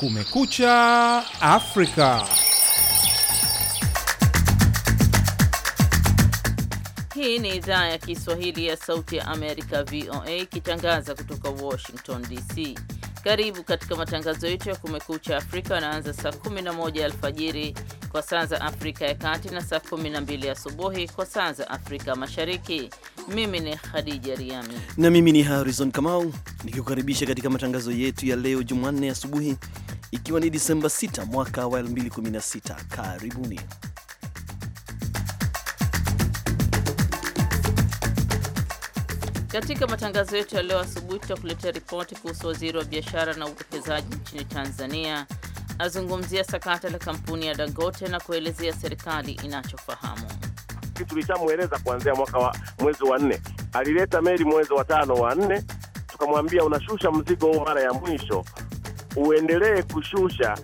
Kumekucha Afrika. Hii ni idhaa ya Kiswahili ya Sauti ya Amerika, VOA, ikitangaza kutoka Washington DC. Karibu katika matangazo yetu ya Kumekucha Afrika yanaanza saa 11 alfajiri kwa saa za Afrika ya Kati na saa 12 asubuhi kwa saa za Afrika Mashariki. Mimi ni Khadija Riami na mimi ni Harrison Kamau nikikukaribisha katika matangazo yetu ya leo Jumanne asubuhi ikiwa ni Disemba 6 mwaka wa 2016. Karibuni. Katika matangazo yetu ya leo asubuhi tutakuletea ripoti kuhusu waziri wa biashara na uwekezaji nchini Tanzania azungumzia sakata la kampuni ya Dangote na kuelezea serikali inachofahamu. Tulishamweleza kuanzia mwaka wa mwezi wa nne, alileta meli mwezi wa tano wa nne, tukamwambia unashusha mzigo huu mara ya mwisho uendelee kushusha,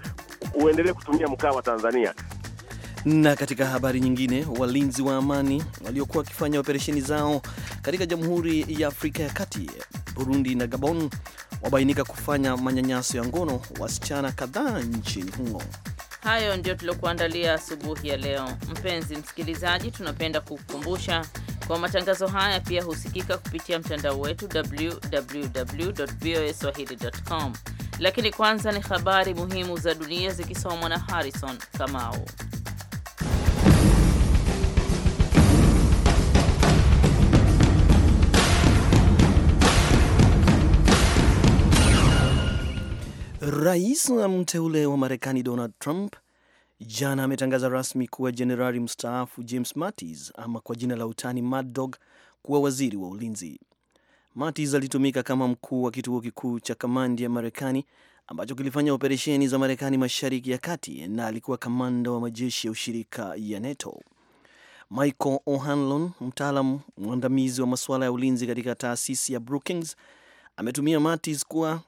uendelee kutumia mkaa wa Tanzania. Na katika habari nyingine, walinzi wa amani waliokuwa wakifanya operesheni zao katika Jamhuri ya Afrika ya Kati, Burundi na Gabon wabainika kufanya manyanyaso ya ngono wasichana kadhaa nchini humo. Hayo ndio tuliokuandalia asubuhi ya leo. Mpenzi msikilizaji, tunapenda kukukumbusha kwa matangazo haya pia husikika kupitia mtandao wetu www voa swahili com lakini kwanza ni habari muhimu za dunia zikisomwa na Harrison Kamau. Rais wa mteule wa Marekani Donald Trump jana ametangaza rasmi kuwa jenerali mstaafu James Mattis ama kwa jina la utani Mad Dog kuwa waziri wa ulinzi. Mattis alitumika kama mkuu wa kituo kikuu cha kamandi ya Marekani ambacho kilifanya operesheni za Marekani mashariki ya kati na alikuwa kamanda wa majeshi ya ushirika ya NATO. Michael O'Hanlon, mtaalam mwandamizi wa masuala ya ulinzi katika taasisi ya Brookings, ametumia Mattis kuwa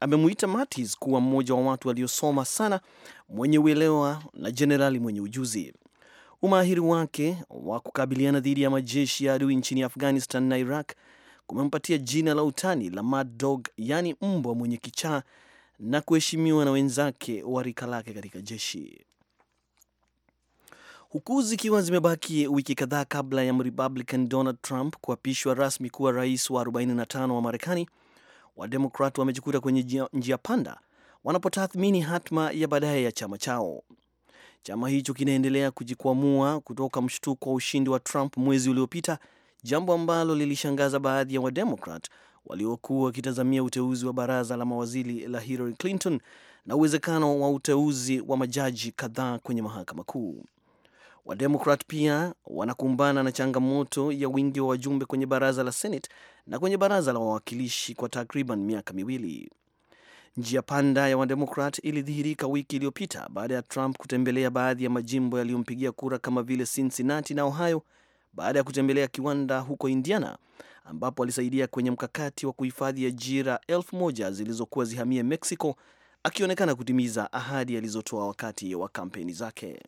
amemuita Mattis kuwa mmoja wa watu waliosoma sana, mwenye uelewa na jenerali mwenye ujuzi. Umahiri wake wa kukabiliana dhidi ya majeshi ya adui nchini Afghanistan na Iraq kumempatia jina la utani la Mad Dog, yaani mbwa mwenye kichaa, na kuheshimiwa na wenzake wa rika lake katika jeshi. Huku zikiwa zimebaki wiki kadhaa kabla ya Mrepublican Donald Trump kuapishwa rasmi kuwa rais wa 45 wa Marekani, Wademokrat wamejikuta kwenye njia, njia panda wanapotathmini hatma ya baadaye ya chama chao. Chama hicho kinaendelea kujikwamua kutoka mshtuko wa ushindi wa Trump mwezi uliopita jambo ambalo lilishangaza baadhi ya Wademokrat waliokuwa wakitazamia uteuzi wa baraza la mawaziri la Hillary Clinton na uwezekano wa uteuzi wa majaji kadhaa kwenye mahakama kuu. Wademokrat pia wanakumbana na changamoto ya wingi wa wajumbe kwenye baraza la Senate na kwenye baraza la wawakilishi kwa takriban miaka miwili. Njia panda ya Wademokrat ilidhihirika wiki iliyopita baada ya Trump kutembelea baadhi ya majimbo yaliyompigia kura kama vile Cincinnati na Ohio baada ya kutembelea kiwanda huko Indiana ambapo alisaidia kwenye mkakati wa kuhifadhi ajira elfu moja zilizokuwa zihamie Mexico, akionekana kutimiza ahadi alizotoa wakati wa kampeni zake.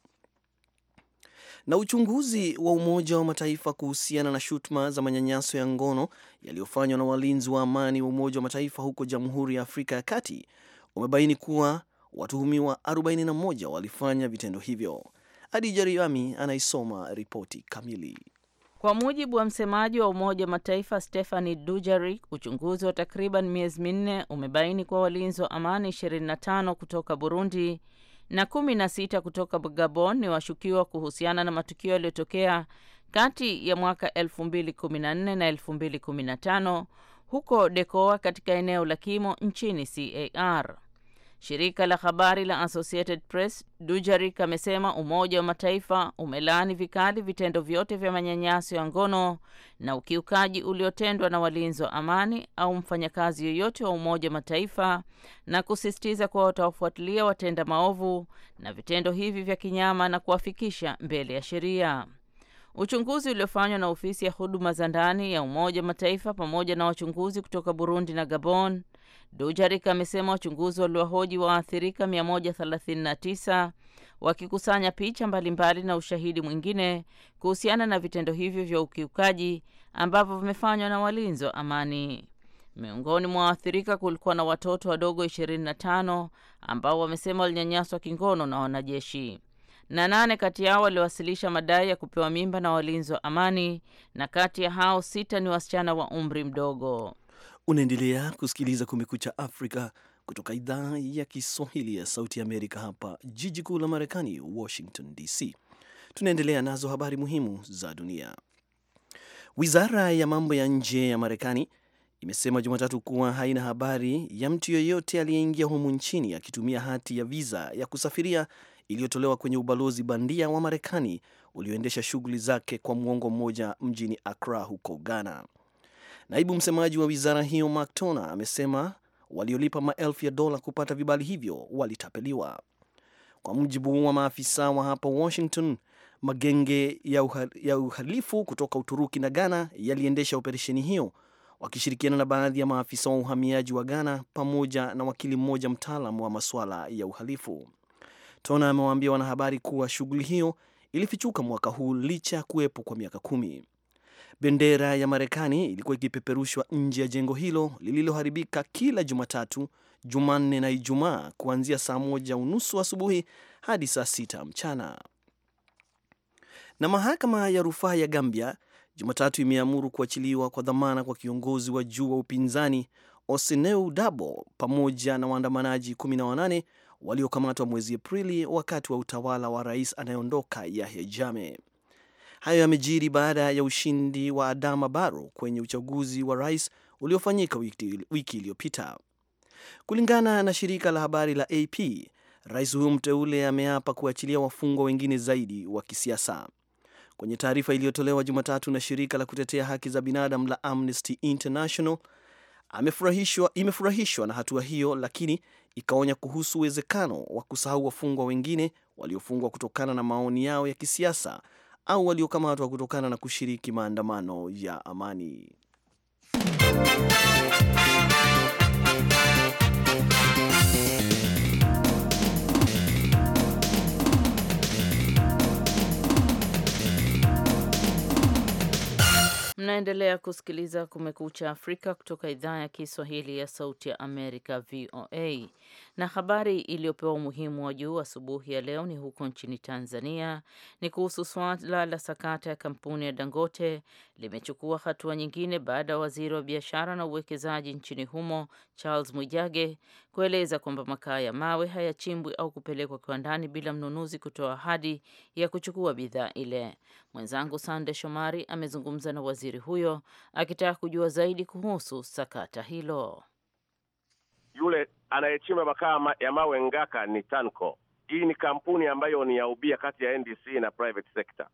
Na uchunguzi wa Umoja wa Mataifa kuhusiana na shutuma za manyanyaso ya ngono yaliyofanywa na walinzi wa amani wa Umoja wa Mataifa huko Jamhuri ya Afrika ya Kati umebaini kuwa watuhumiwa 41 walifanya vitendo hivyo. adi jariami anaisoma ripoti kamili. Kwa mujibu wa msemaji wa Umoja wa Mataifa Stephani Dujarik, uchunguzi wa takriban miezi minne umebaini kuwa walinzi wa amani 25 kutoka Burundi na 16 kutoka Gabon ni washukiwa kuhusiana na matukio yaliyotokea kati ya mwaka 2014 na 2015 huko Dekoa katika eneo la Kimo nchini CAR. Shirika la habari la Associated Press, Dujarik, amesema Umoja wa Mataifa umelaani vikali vitendo vyote vya manyanyaso ya ngono na ukiukaji uliotendwa na walinzi wa amani au mfanyakazi yoyote wa Umoja wa Mataifa na kusisitiza kuwa watawafuatilia watenda maovu na vitendo hivi vya kinyama na kuwafikisha mbele ya sheria. Uchunguzi uliofanywa na ofisi ya huduma za ndani ya Umoja wa Mataifa pamoja na wachunguzi kutoka Burundi na Gabon Dujarik amesema wachunguzi waliwahoji waathirika 139 wakikusanya picha mbalimbali mbali na ushahidi mwingine kuhusiana na vitendo hivyo vya ukiukaji ambavyo vimefanywa na walinzi wa amani. Miongoni mwa waathirika kulikuwa na watoto wadogo 25 ambao wamesema walinyanyaswa kingono na wanajeshi na nane kati yao waliwasilisha madai ya kupewa mimba na walinzi wa amani, na kati ya hao sita ni wasichana wa umri mdogo. Unaendelea kusikiliza Kumekucha Afrika kutoka idhaa ya Kiswahili ya Sauti Amerika, hapa jiji kuu la Marekani, Washington DC. Tunaendelea nazo habari muhimu za dunia. Wizara ya mambo ya nje ya Marekani imesema Jumatatu kuwa haina habari ya mtu yeyote aliyeingia humu nchini akitumia hati ya viza ya kusafiria iliyotolewa kwenye ubalozi bandia wa Marekani ulioendesha shughuli zake kwa mwongo mmoja mjini akra huko Ghana. Naibu msemaji wa wizara hiyo Mark Toner amesema waliolipa maelfu ya dola kupata vibali hivyo walitapeliwa. Kwa mujibu wa maafisa wa hapa Washington, magenge ya uhalifu kutoka Uturuki na Ghana yaliendesha operesheni hiyo wakishirikiana na baadhi ya maafisa wa uhamiaji wa Ghana pamoja na wakili mmoja mtaalam wa masuala ya uhalifu. Tona amewaambia wanahabari kuwa shughuli hiyo ilifichuka mwaka huu licha ya kuwepo kwa miaka kumi. Bendera ya Marekani ilikuwa ikipeperushwa nje ya jengo hilo lililoharibika kila Jumatatu, Jumanne na Ijumaa kuanzia saa moja unusu asubuhi hadi saa sita mchana. Na mahakama ya rufaa ya Gambia Jumatatu imeamuru kuachiliwa kwa dhamana kwa kiongozi wa juu wa upinzani Osineu Dabo pamoja na waandamanaji 18 waliokamatwa mwezi Aprili wakati wa utawala wa rais anayeondoka Yahya Jammeh. Hayo yamejiri baada ya ushindi wa Adama Barrow kwenye uchaguzi wa rais uliofanyika wiki iliyopita. Kulingana na shirika la habari la AP, rais huyo mteule ameapa kuachilia wafungwa wengine zaidi wa kisiasa. Kwenye taarifa iliyotolewa Jumatatu na shirika la kutetea haki za binadamu la Amnesty International, amefurahishwa imefurahishwa na hatua hiyo, lakini ikaonya kuhusu uwezekano wa kusahau wafungwa wengine waliofungwa kutokana na maoni yao ya kisiasa au waliokamatwa kutokana na kushiriki maandamano ya amani. Mnaendelea kusikiliza Kumekucha Afrika kutoka idhaa ya Kiswahili ya Sauti ya Amerika, VOA. Na habari iliyopewa umuhimu wa juu asubuhi ya leo ni huko nchini Tanzania, ni kuhusu swala la sakata ya kampuni ya Dangote limechukua hatua nyingine baada ya waziri wa biashara na uwekezaji nchini humo Charles Mwijage kueleza kwamba makaa ya mawe hayachimbwi au kupelekwa kiwandani bila mnunuzi kutoa ahadi ya kuchukua bidhaa ile. Mwenzangu Sande Shomari amezungumza na waziri waziri huyo akitaka kujua zaidi kuhusu sakata hilo. Yule anayechimba makaa ya mawe Ngaka ni Tanco. Hii ni kampuni ambayo ni ya ubia kati ya NDC na private sector.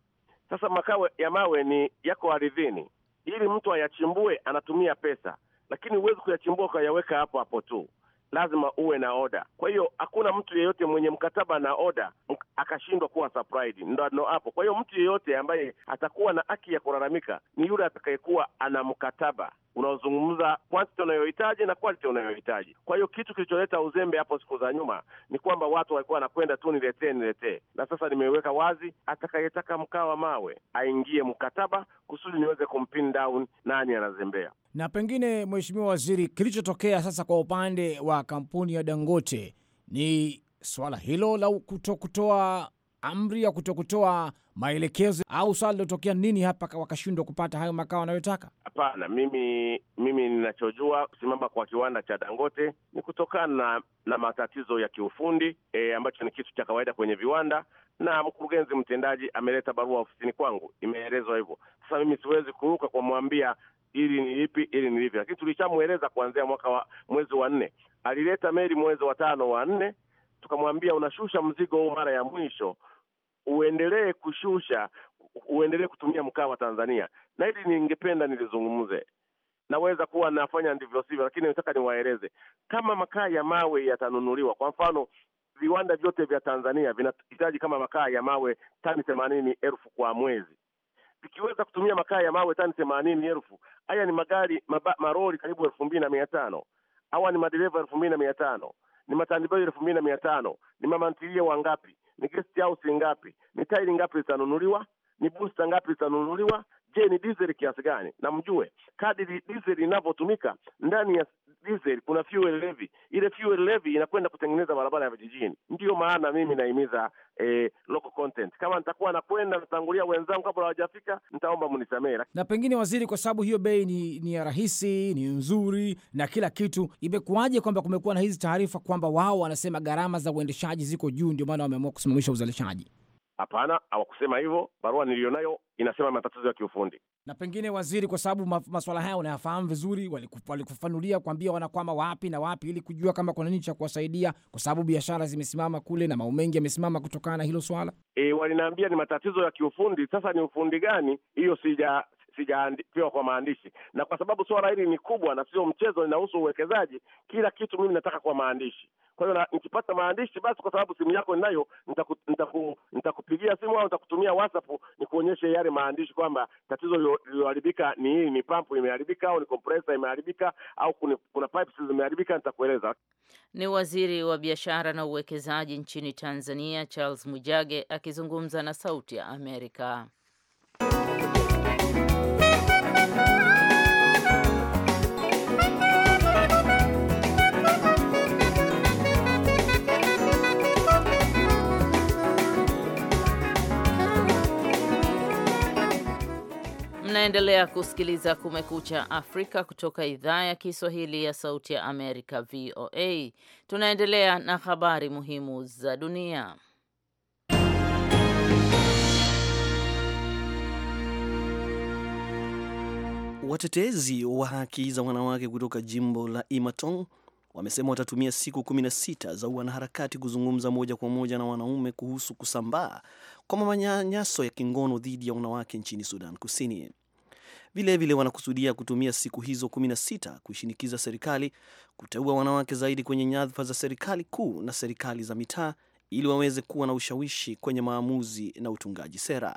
Sasa makaa ya mawe ni yako ardhini, ili mtu ayachimbue anatumia pesa, lakini huwezi kuyachimbua ukayaweka hapo hapo tu lazima uwe na oda. Kwa hiyo hakuna mtu yeyote mwenye mkataba na oda akashindwa kuwa surprised, ndo ndo hapo. Kwa hiyo mtu yeyote ambaye atakuwa na haki ya kulalamika ni yule atakayekuwa ana mkataba unaozungumza quantity unayohitaji na quality unayohitaji. Kwa hiyo kitu kilicholeta uzembe hapo siku za nyuma ni kwamba watu walikuwa wanakwenda tu niletee niletee, na sasa nimeweka wazi, atakayetaka mkaa wa mawe aingie mkataba kusudi niweze kumpin down nani anazembea. Na pengine, Mheshimiwa Waziri, kilichotokea sasa kwa upande wa kampuni ya Dangote ni swala hilo la kutokutoa amri ya kutokutoa maelekezo au swala lilotokea nini hapa wakashindwa kupata hayo makao wanayotaka? Hapana, mimi mimi ninachojua kusimama kwa kiwanda cha Dangote ni kutokana na, na matatizo ya kiufundi e, ambacho ni kitu cha kawaida kwenye viwanda, na mkurugenzi mtendaji ameleta barua ofisini kwangu, imeelezwa hivyo. Sasa mimi siwezi kuruka kwamwambia ili ni ipi ili ni lipi, lakini tulishamweleza kuanzia mwaka wa mwezi wa nne. Alileta meli mwezi wa tano wa nne, tukamwambia unashusha mzigo huu mara ya mwisho, uendelee kushusha, uendelee kutumia mkaa wa Tanzania, na hili ningependa nilizungumze naweza kuwa nafanya ndivyo sivyo, lakini nataka niwaeleze kama makaa ya mawe yatanunuliwa. Kwa mfano, viwanda vyote vya Tanzania vinahitaji kama makaa ya mawe tani themanini elfu kwa mwezi ikiweza kutumia makaa ya mawe tani themanini elfu haya ni magari maba, marori karibu elfu mbili na mia tano awa ni madereva elfu mbili na mia tano ni matandibai elfu mbili na mia tano ni mamantilia wangapi ni guest ausi ngapi ni tairi ngapi zitanunuliwa ni busta ngapi zitanunuliwa Je, ni dizeli kiasi gani? Na mjue kadi dizeli inavyotumika, ndani ya dizeli kuna fuel levy. Ile fuel levy inakwenda kutengeneza barabara ya vijijini. Ndiyo maana mimi naimiza eh, local content. Kama nitakuwa nakwenda natangulia wenzangu kabla hawajafika, nitaomba mnisamehe. Na pengine waziri, kwa sababu hiyo bei ni, ni ya rahisi, ni nzuri na kila kitu, imekuwaje kwamba kumekuwa na hizi taarifa kwamba wao wanasema gharama za uendeshaji ziko juu, ndio maana wameamua kusimamisha uzalishaji? Hapana, hawakusema hivyo. Barua niliyonayo inasema matatizo ya kiufundi. Na pengine waziri, kwa sababu masuala haya unayafahamu vizuri, walikufanulia kuambia wanakwama wapi na wapi, ili kujua kama kuna nini cha kuwasaidia, kwa sababu biashara zimesimama kule na mao mengi yamesimama kutokana na hilo swala. E, waliniambia ni matatizo ya kiufundi. Sasa ni ufundi gani hiyo, sija havijaandikiwa kwa maandishi, na kwa sababu suala hili ni kubwa na sio mchezo, linahusu uwekezaji, kila kitu mimi nataka kwa maandishi. Kwa hiyo nikipata maandishi basi, kwa sababu simu yako ninayo, nitakupigia nitaku, simu au nitakutumia WhatsApp nikuonyeshe yale maandishi kwamba tatizo lililoharibika ni hii, ni pampu imeharibika au ni kompresa imeharibika au kuna, kuna pipes zimeharibika, nitakueleza. Ni waziri wa biashara na uwekezaji nchini Tanzania Charles mujage akizungumza na Sauti ya Amerika. Unaendelea kusikiliza Kumekucha Afrika kutoka idhaa ya Kiswahili ya Sauti ya Amerika, VOA. Tunaendelea na habari muhimu za dunia. Watetezi wa haki za wanawake kutoka jimbo la Imatong wamesema watatumia siku 16 za wanaharakati kuzungumza moja kwa moja na wanaume kuhusu kusambaa kwa manyanyaso ya kingono dhidi ya wanawake nchini Sudan Kusini. Vilevile wanakusudia kutumia siku hizo 16 kuishinikiza serikali kuteua wanawake zaidi kwenye nyadhifa za serikali kuu na serikali za mitaa ili waweze kuwa na ushawishi kwenye maamuzi na utungaji sera.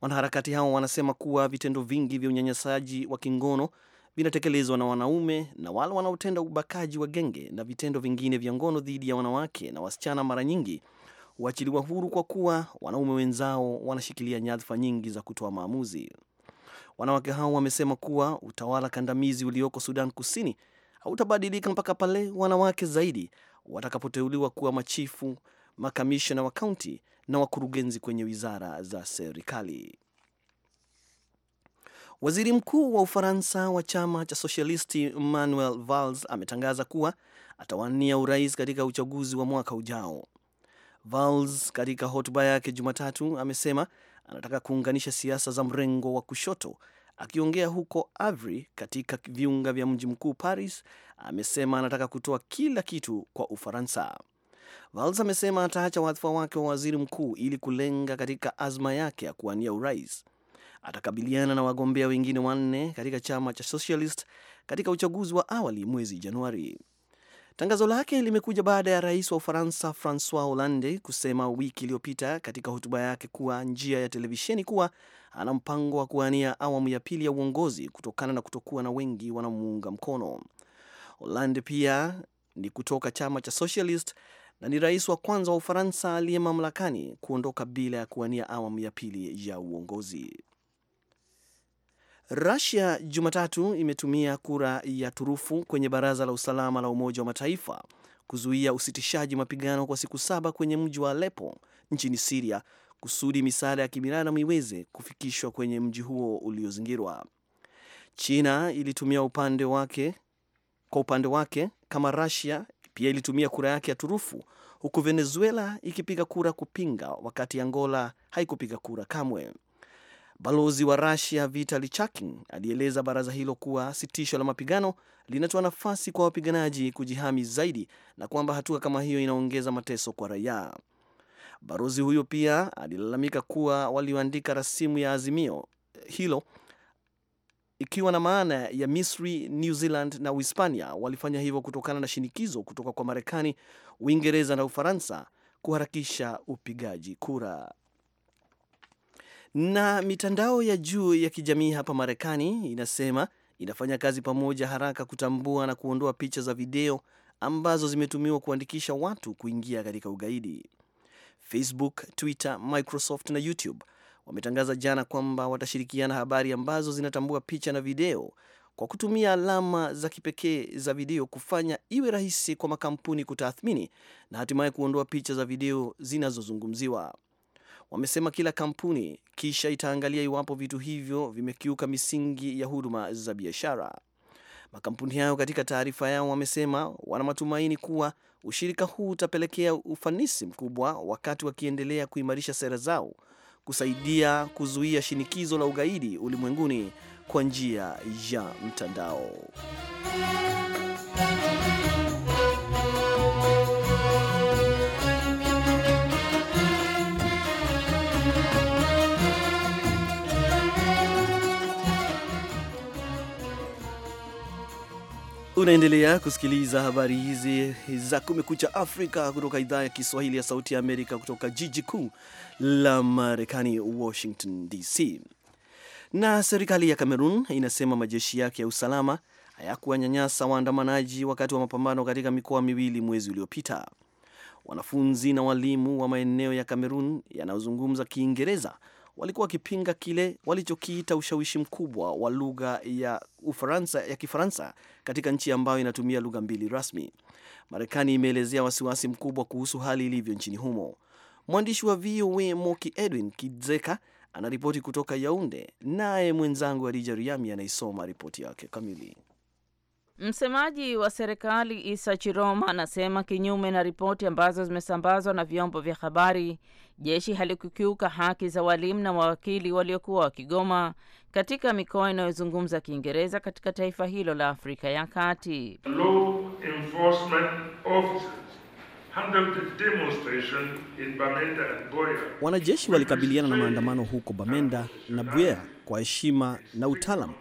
Wanaharakati hao wanasema kuwa vitendo vingi vya unyanyasaji wa kingono vinatekelezwa na wanaume na wale wanaotenda ubakaji wa genge na vitendo vingine vya ngono dhidi ya wanawake na wasichana mara nyingi huachiliwa huru kwa kuwa wanaume wenzao wanashikilia nyadhifa nyingi za kutoa maamuzi. Wanawake hao wamesema kuwa utawala kandamizi ulioko Sudan Kusini hautabadilika mpaka pale wanawake zaidi watakapoteuliwa kuwa machifu, makamishna wa kaunti na wakurugenzi kwenye wizara za serikali. Waziri mkuu wa Ufaransa wa chama cha Sosialisti Manuel Valls ametangaza kuwa atawania urais katika uchaguzi wa mwaka ujao. Valls katika hotuba yake Jumatatu amesema anataka kuunganisha siasa za mrengo wa kushoto. Akiongea huko Avri katika viunga vya mji mkuu Paris, amesema anataka kutoa kila kitu kwa Ufaransa. Valls amesema ataacha wadhifa wake wa waziri mkuu ili kulenga katika azma yake ya kuwania urais. Atakabiliana na wagombea wengine wanne katika chama cha Socialist katika uchaguzi wa awali mwezi Januari. Tangazo lake limekuja baada ya rais wa Ufaransa Francois Hollande kusema wiki iliyopita katika hotuba yake kuwa njia ya televisheni kuwa ana mpango wa kuwania awamu ya pili ya uongozi kutokana na kutokuwa na wengi wanaomuunga mkono. Hollande pia ni kutoka chama cha Socialist na ni rais wa kwanza wa Ufaransa aliye mamlakani kuondoka bila ya kuwania awamu ya pili ya uongozi. Rusia Jumatatu imetumia kura ya turufu kwenye baraza la usalama la Umoja wa Mataifa kuzuia usitishaji mapigano kwa siku saba kwenye mji wa Alepo nchini Siria kusudi misaada ya kibinadamu iweze kufikishwa kwenye mji huo uliozingirwa. China ilitumia upande wake, kwa upande wake kama Rusia pia ilitumia kura yake ya turufu huku Venezuela ikipiga kura kupinga, wakati Angola haikupiga kura kamwe. Balozi wa Rusia Vitali Chakin alieleza baraza hilo kuwa sitisho la mapigano linatoa nafasi kwa wapiganaji kujihami zaidi na kwamba hatua kama hiyo inaongeza mateso kwa raia. Balozi huyo pia alilalamika kuwa walioandika rasimu ya azimio hilo ikiwa na maana ya Misri, New Zealand na Uhispania walifanya hivyo kutokana na shinikizo kutoka kwa Marekani, Uingereza na Ufaransa kuharakisha upigaji kura. Na mitandao ya juu ya kijamii hapa Marekani inasema inafanya kazi pamoja haraka kutambua na kuondoa picha za video ambazo zimetumiwa kuandikisha watu kuingia katika ugaidi. Facebook, Twitter, Microsoft na YouTube wametangaza jana kwamba watashirikiana habari ambazo zinatambua picha na video kwa kutumia alama za kipekee za video kufanya iwe rahisi kwa makampuni kutathmini na hatimaye kuondoa picha za video zinazozungumziwa. Wamesema kila kampuni kisha itaangalia iwapo vitu hivyo vimekiuka misingi ya huduma za biashara. Makampuni hayo katika taarifa yao wamesema wana matumaini kuwa ushirika huu utapelekea ufanisi mkubwa wakati wakiendelea kuimarisha sera zao kusaidia kuzuia shinikizo la ugaidi ulimwenguni kwa njia ya mtandao. Unaendelea kusikiliza habari hizi za Kumekucha Afrika kutoka idhaa ya Kiswahili ya Sauti ya Amerika, kutoka jiji kuu la Marekani, Washington DC. Na serikali ya Cameroon inasema majeshi yake ya usalama hayakuwanyanyasa waandamanaji wakati wa mapambano katika mikoa miwili mwezi uliopita. Wanafunzi na walimu wa maeneo ya Cameroon yanayozungumza Kiingereza walikuwa wakipinga kile walichokiita ushawishi mkubwa wa lugha ya Ufaransa ya Kifaransa katika nchi ambayo inatumia lugha mbili rasmi. Marekani imeelezea wasiwasi mkubwa kuhusu hali ilivyo nchini humo. Mwandishi wa VOA Moki Edwin Kidzeka anaripoti kutoka Yaunde, naye mwenzangu Adija Riami anaisoma ripoti yake kamili. Msemaji wa serikali Isa Chiroma anasema kinyume na ripoti ambazo zimesambazwa na vyombo vya habari, jeshi halikukiuka haki za walimu na mawakili waliokuwa wakigoma katika mikoa inayozungumza Kiingereza katika taifa hilo la Afrika ya Kati. Law enforcement officers handled the demonstration in Bamenda and Wanajeshi walikabiliana na maandamano huko Bamenda na Buea kwa heshima na utaalamu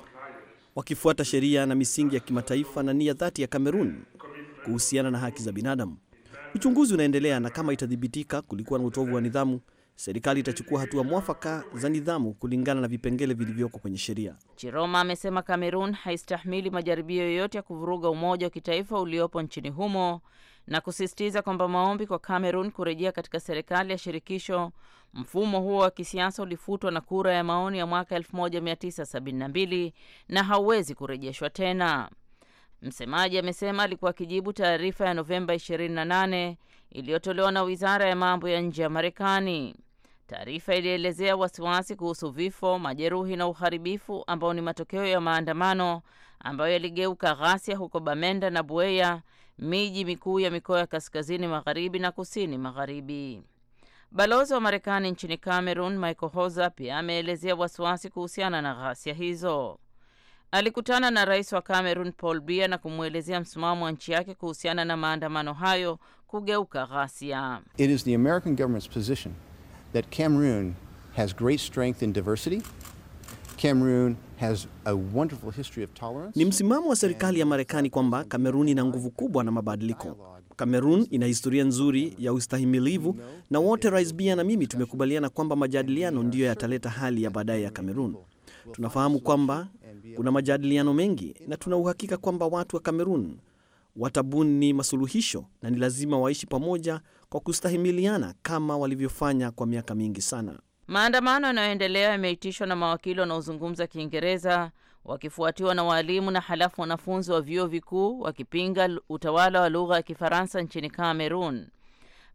wakifuata sheria na misingi ya kimataifa na nia dhati ya Kamerun kuhusiana na haki za binadamu. Uchunguzi unaendelea na kama itathibitika kulikuwa na utovu wa nidhamu, serikali itachukua hatua mwafaka za nidhamu kulingana na vipengele vilivyoko kwenye sheria. Chiroma amesema Kamerun haistahimili majaribio yoyote ya kuvuruga umoja wa kitaifa uliopo nchini humo na kusisitiza kwamba maombi kwa Cameroon kurejea katika serikali ya shirikisho, mfumo huo wa kisiasa ulifutwa na kura ya maoni ya mwaka 1972 na hauwezi kurejeshwa tena. Msemaji amesema alikuwa akijibu taarifa ya Novemba 28 iliyotolewa na wizara ya mambo ya nje ya Marekani. Taarifa ilielezea wasiwasi kuhusu vifo, majeruhi na uharibifu ambao ni matokeo ya maandamano ambayo yaligeuka ghasia huko Bamenda na Buea miji mikuu ya mikoa ya kaskazini magharibi na kusini magharibi. Balozi wa Marekani nchini Cameroon Michael Hoza pia ameelezea wasiwasi kuhusiana na ghasia hizo. Alikutana na rais wa Cameroon Paul Biya na kumwelezea msimamo wa nchi yake kuhusiana na maandamano hayo kugeuka ghasia. It is the American government's position that Cameroon has great strength in diversity Cameroon has a wonderful history of tolerance. Ni msimamo wa serikali ya Marekani kwamba Kamerun ina nguvu kubwa na mabadiliko. Kamerun ina historia nzuri ya ustahimilivu na wote Rais Biya na mimi tumekubaliana kwamba majadiliano ndiyo yataleta hali ya baadaye ya Kamerun. Tunafahamu kwamba kuna majadiliano mengi na tuna uhakika kwamba watu wa Kamerun watabuni masuluhisho na ni lazima waishi pamoja kwa kustahimiliana kama walivyofanya kwa miaka mingi sana. Maandamano yanayoendelea yameitishwa na mawakili wanaozungumza Kiingereza wakifuatiwa na waalimu na halafu wanafunzi wa vyuo vikuu wakipinga utawala wa lugha ya Kifaransa nchini Kamerun.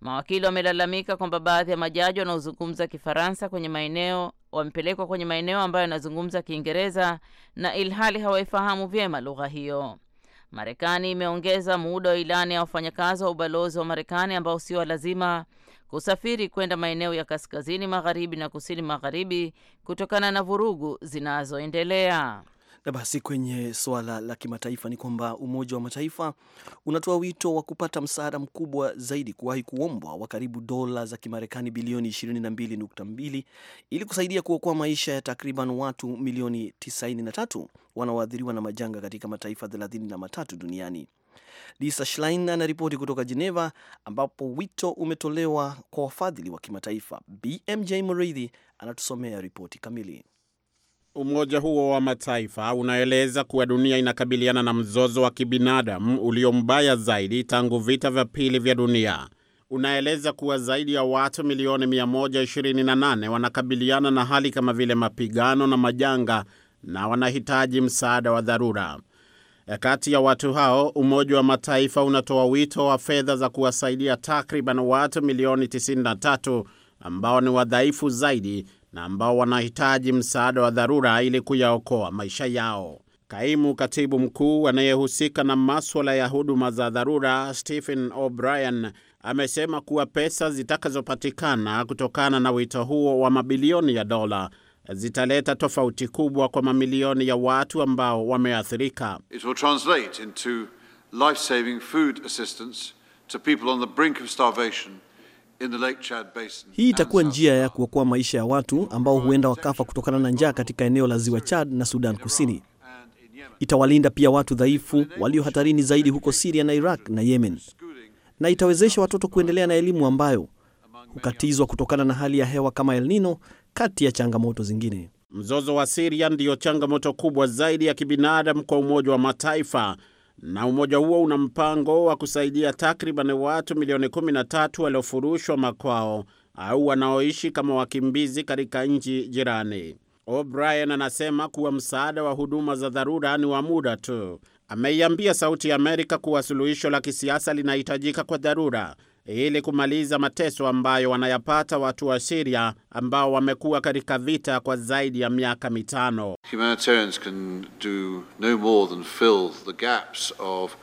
Mawakili wamelalamika kwamba baadhi ya majaji wanaozungumza Kifaransa kwenye maeneo wamepelekwa kwenye maeneo ambayo yanazungumza Kiingereza na ilhali hawaifahamu vyema lugha hiyo. Marekani imeongeza muda wa ilani ya wafanyakazi wa ubalozi wa Marekani ambao sio lazima kusafiri kwenda maeneo ya kaskazini magharibi na kusini magharibi kutokana na vurugu zinazoendelea. Na basi kwenye suala la kimataifa ni kwamba Umoja wa Mataifa unatoa wito wa kupata msaada mkubwa zaidi kuwahi kuombwa wa karibu dola za Kimarekani bilioni 22.2 ili kusaidia kuokoa maisha ya takriban watu milioni 93 wanaoathiriwa na majanga katika mataifa 33 duniani. Lisa Schlein anaripoti kutoka Geneva, ambapo wito umetolewa kwa wafadhili wa kimataifa. BMJ Muridhi anatusomea ripoti kamili. Umoja huo wa Mataifa unaeleza kuwa dunia inakabiliana na mzozo wa kibinadamu ulio mbaya zaidi tangu vita vya pili vya dunia. Unaeleza kuwa zaidi ya watu milioni 128 wanakabiliana na hali kama vile mapigano na majanga na wanahitaji msaada wa dharura. Kati ya watu hao, Umoja wa Mataifa unatoa wito wa fedha za kuwasaidia takriban watu milioni 93 ambao ni wadhaifu zaidi na ambao wanahitaji msaada wa dharura ili kuyaokoa maisha yao. Kaimu katibu mkuu anayehusika na maswala ya huduma za dharura Stephen O'Brien amesema kuwa pesa zitakazopatikana kutokana na wito huo wa mabilioni ya dola zitaleta tofauti kubwa kwa mamilioni ya watu ambao wameathirika. It will translate into life-saving food assistance to people on the brink of starvation. In the Lake Chad Basin. Hii itakuwa njia ya kuokoa maisha ya watu ambao huenda wakafa kutokana na njaa katika eneo la Ziwa Chad na Sudan Kusini. Itawalinda pia watu dhaifu walio hatarini zaidi huko Siria na Iraq na Yemen, na itawezesha watoto kuendelea na elimu ambayo kukatizwa kutokana na hali ya hewa kama El Nino kati ya changamoto zingine. Mzozo wa Siria ndiyo changamoto kubwa zaidi ya kibinadamu kwa Umoja wa Mataifa, na umoja huo una mpango wa kusaidia takriban watu milioni 13 waliofurushwa makwao au wanaoishi kama wakimbizi katika nchi jirani. O'Brien anasema kuwa msaada wa huduma za dharura ni wa muda tu. Ameiambia Sauti ya Amerika kuwa suluhisho la kisiasa linahitajika kwa dharura ili kumaliza mateso ambayo wanayapata watu wa Syria ambao wamekuwa katika vita kwa zaidi ya miaka mitano. Humanitarians can do no more than fill the gaps of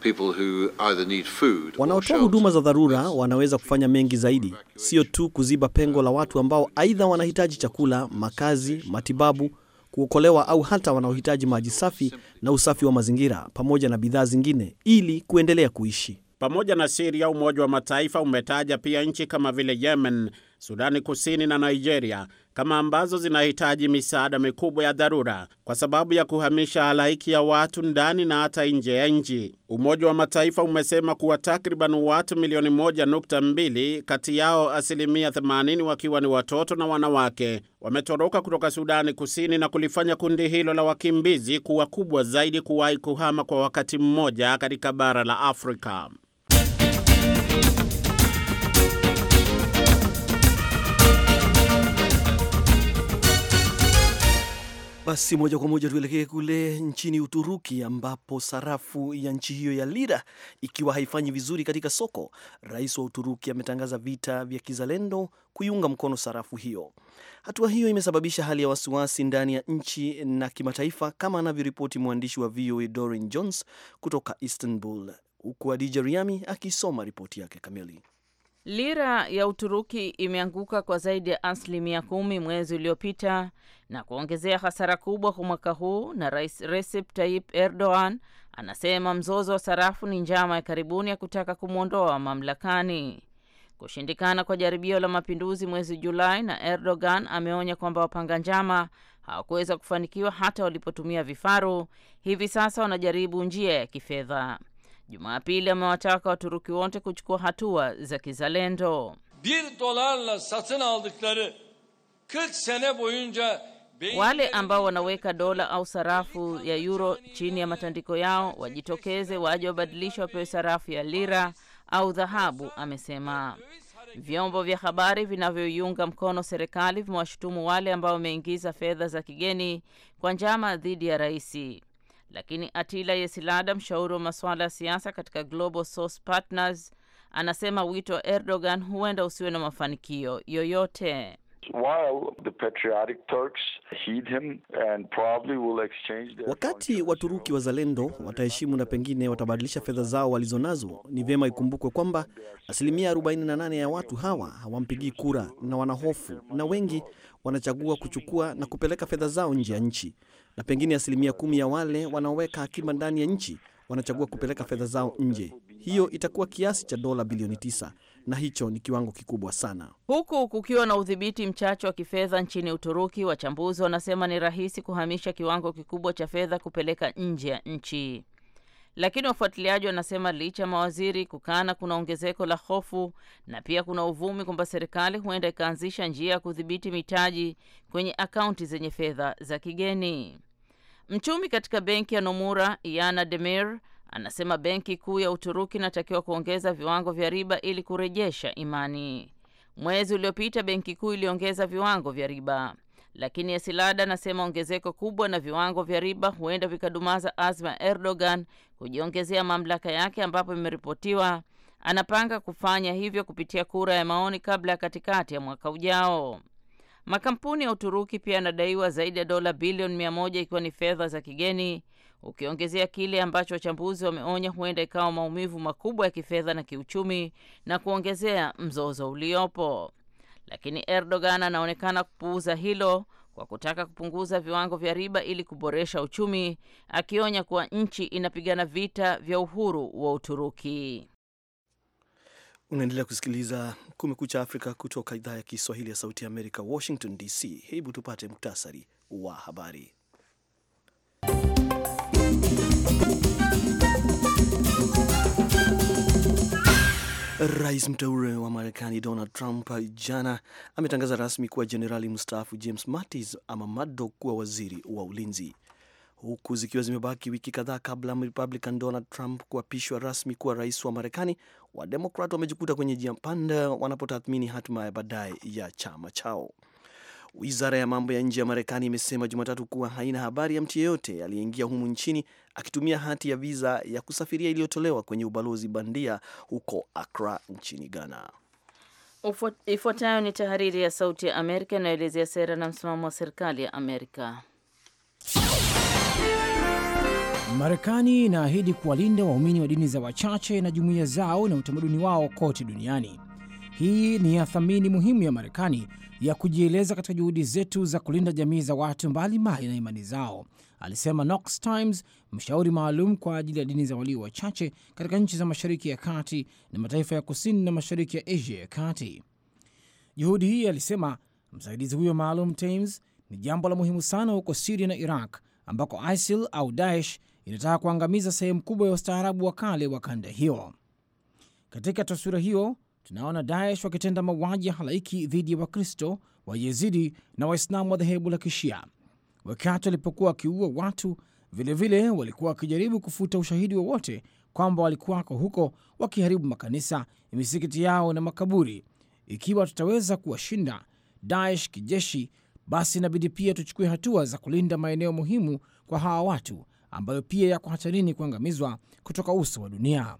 people who either need food. Wanaotoa huduma za dharura wanaweza kufanya mengi zaidi, sio tu kuziba pengo la watu ambao aidha wanahitaji chakula, makazi, matibabu kuokolewa au hata wanaohitaji maji safi na usafi wa mazingira pamoja na bidhaa zingine ili kuendelea kuishi pamoja na Siria, Umoja wa Mataifa umetaja pia nchi kama vile Yemen, Sudani Kusini na Nigeria kama ambazo zinahitaji misaada mikubwa ya dharura kwa sababu ya kuhamisha halaiki ya watu ndani na hata nje ya nchi. Umoja wa Mataifa umesema kuwa takriban watu milioni 12 kati yao asilimia 80 wakiwa ni watoto na wanawake, wametoroka kutoka Sudani Kusini na kulifanya kundi hilo la wakimbizi kuwa kubwa zaidi kuwahi kuhama kwa wakati mmoja katika bara la Afrika. Basi moja kwa moja tuelekee kule nchini Uturuki ambapo sarafu ya nchi hiyo ya lira ikiwa haifanyi vizuri katika soko, rais wa Uturuki ametangaza vita vya kizalendo kuiunga mkono sarafu hiyo. Hatua hiyo imesababisha hali ya wasiwasi ndani ya nchi na kimataifa, kama anavyoripoti mwandishi wa VOA Dorin Jones kutoka Istanbul, huku Adija Riami akisoma ripoti yake kamili. Lira ya Uturuki imeanguka kwa zaidi ya asilimia kumi mwezi uliopita na kuongezea hasara kubwa kwa mwaka huu, na Rais Recep Tayyip Erdogan anasema mzozo wa sarafu ni njama ya karibuni ya kutaka kumwondoa mamlakani. Kushindikana kwa jaribio la mapinduzi mwezi Julai, na Erdogan ameonya kwamba wapanga njama hawakuweza kufanikiwa hata walipotumia vifaru. Hivi sasa wanajaribu njia ya kifedha. Jumapili amewataka Waturuki wote kuchukua hatua za kizalendo. Bir dolarla satın aldıkları 40 sene boyunca wale ambao wanaweka dola au sarafu ya euro chini ya matandiko yao wajitokeze waje wabadilisha wapewe sarafu ya lira au dhahabu, amesema. Vyombo vya habari vinavyoiunga mkono serikali vimewashutumu wale ambao wameingiza fedha za kigeni kwa njama dhidi ya raisi lakini Atila Yesilada, mshauri wa masuala ya siasa katika Global Source Partners, anasema wito wa Erdogan huenda usiwe na mafanikio yoyote. Wakati Waturuki wazalendo wataheshimu na pengine watabadilisha fedha zao walizonazo, ni vyema ikumbukwe kwamba asilimia 48 ya watu hawa hawampigii kura na wanahofu, na wengi wanachagua kuchukua na kupeleka fedha zao nje ya nchi na pengine asilimia kumi ya wale wanaoweka akiba ndani ya nchi wanachagua kupeleka fedha zao nje. Hiyo itakuwa kiasi cha dola bilioni tisa na hicho ni kiwango kikubwa sana, huku kukiwa na udhibiti mchache wa kifedha nchini Uturuki. Wachambuzi wanasema ni rahisi kuhamisha kiwango kikubwa cha fedha kupeleka nje ya nchi. Lakini wafuatiliaji wanasema licha ya mawaziri kukana, kuna ongezeko la hofu na pia kuna uvumi kwamba serikali huenda ikaanzisha njia ya kudhibiti mitaji kwenye akaunti zenye fedha za kigeni. Mchumi katika benki ya Nomura Yana Demir anasema benki kuu ya Uturuki inatakiwa kuongeza viwango vya riba ili kurejesha imani. Mwezi uliopita benki kuu iliongeza viwango vya riba, lakini Esilada anasema ongezeko kubwa na viwango vya riba huenda vikadumaza azma ya Erdogan kujiongezea mamlaka yake ambapo imeripotiwa anapanga kufanya hivyo kupitia kura ya maoni kabla ya katikati ya mwaka ujao. Makampuni ya Uturuki pia yanadaiwa zaidi ya dola bilioni 100 ikiwa ni fedha za kigeni, ukiongezea kile ambacho wachambuzi wameonya huenda ikawa maumivu makubwa ya kifedha na kiuchumi na kuongezea mzozo uliopo. Lakini Erdogan anaonekana kupuuza hilo kwa kutaka kupunguza viwango vya riba ili kuboresha uchumi, akionya kuwa nchi inapigana vita vya uhuru wa Uturuki. Unaendelea kusikiliza Kumekucha Afrika kutoka idhaa ya Kiswahili ya Sauti ya Amerika, Washington DC. Hebu tupate muktasari wa habari. Rais mteule wa Marekani Donald Trump jana ametangaza rasmi kuwa jenerali mstaafu James Mattis ama Maddo kuwa waziri wa ulinzi, huku zikiwa zimebaki wiki kadhaa kabla Republican Donald Trump kuapishwa rasmi kuwa rais wa Marekani. Wademokrat wamejikuta kwenye njia panda wanapotathmini hatima ya baadaye ya chama chao. Wizara ya mambo ya nje ya Marekani imesema Jumatatu kuwa haina habari ya mtu yeyote aliyeingia humu nchini akitumia hati ya viza ya kusafiria iliyotolewa kwenye ubalozi bandia huko akra nchini Ghana. Ifuatayo ni tahariri ya Sauti ya Amerika inayoelezea sera na msimamo wa serikali ya Amerika. Marekani inaahidi kuwalinda waumini wa dini za wachache na jumuiya zao na utamaduni wao kote duniani. Hii ni ya thamini muhimu ya Marekani ya kujieleza katika juhudi zetu za kulinda jamii za watu mbalimbali na imani zao, alisema Knox Times, mshauri maalum kwa ajili ya dini za walio wachache katika nchi za Mashariki ya Kati na mataifa ya kusini na mashariki ya Asia ya Kati. Juhudi hii, alisema msaidizi huyo maalum Times, ni jambo la muhimu sana huko Siria na Iraq ambako ISIL au Daesh inataka kuangamiza sehemu kubwa ya ustaarabu wa kale wa kanda hiyo. Katika taswira hiyo tunaona Daesh wakitenda mauaji ya halaiki dhidi ya Wakristo wayezidi na Waislamu wa dhehebu la Kishia. Wakati walipokuwa wakiua watu, vilevile vile walikuwa wakijaribu kufuta ushahidi wowote kwamba walikuwako huko, wakiharibu makanisa, misikiti yao na makaburi. Ikiwa tutaweza kuwashinda Daesh kijeshi, basi inabidi pia tuchukue hatua za kulinda maeneo muhimu kwa hawa watu ambayo pia yako hatarini kuangamizwa kutoka uso wa dunia.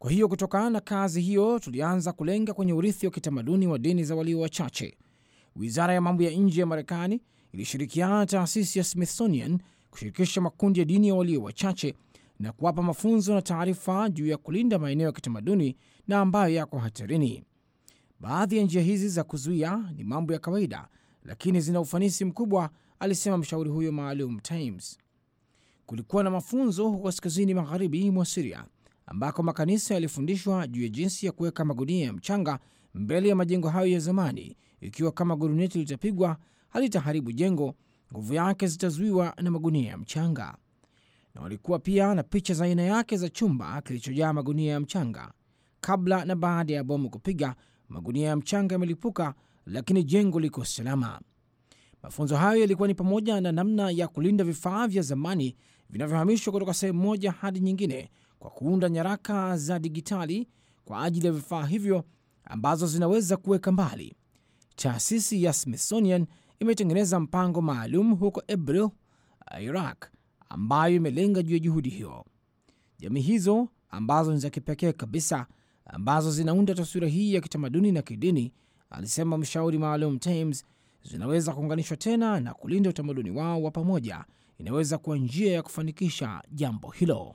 Kwa hiyo kutokana na kazi hiyo tulianza kulenga kwenye urithi wa kitamaduni wa dini za walio wachache. Wizara ya mambo ya nje ya Marekani ilishirikiana na taasisi ya Smithsonian kushirikisha makundi ya dini ya walio wachache na kuwapa mafunzo na taarifa juu ya kulinda maeneo ya kitamaduni na ambayo yako hatarini. Baadhi ya njia hizi za kuzuia ni mambo ya kawaida, lakini zina ufanisi mkubwa, alisema mshauri huyo maalum Times. Kulikuwa na mafunzo huko kaskazini magharibi mwa Siria ambako makanisa yalifundishwa juu ya jinsi ya kuweka magunia ya mchanga mbele ya majengo hayo ya zamani, ikiwa kama guruneti litapigwa halitaharibu jengo, nguvu yake zitazuiwa na magunia ya mchanga. Na walikuwa pia na picha za aina yake za chumba kilichojaa magunia ya mchanga. Kabla na baada ya bomu kupiga, magunia ya mchanga yamelipuka, lakini jengo liko salama. Mafunzo hayo yalikuwa ni pamoja na namna ya kulinda vifaa vya zamani vinavyohamishwa kutoka sehemu moja hadi nyingine kwa kuunda nyaraka za digitali kwa ajili ya vifaa hivyo ambazo zinaweza kuweka mbali. Taasisi ya Smithsonian imetengeneza mpango maalum huko Erbil, uh, Iraq, ambayo imelenga juu ya juhudi hiyo. Jamii hizo ambazo ni za kipekee kabisa, ambazo zinaunda taswira hii ya kitamaduni na kidini, alisema mshauri maalum Times, zinaweza kuunganishwa tena na kulinda utamaduni wao wa pamoja. Inaweza kuwa njia ya kufanikisha jambo hilo.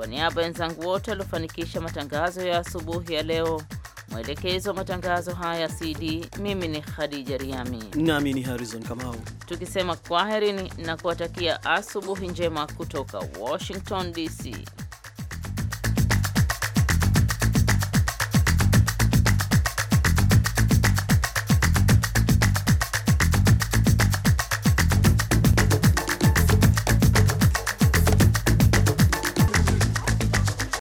Kwa niaba ya wenzangu wote waliofanikisha matangazo ya asubuhi ya leo, mwelekezi wa matangazo haya CD, mimi ni Khadija Riami nami ni Harrison Kamau, tukisema kwaherini na kuwatakia asubuhi njema kutoka Washington DC.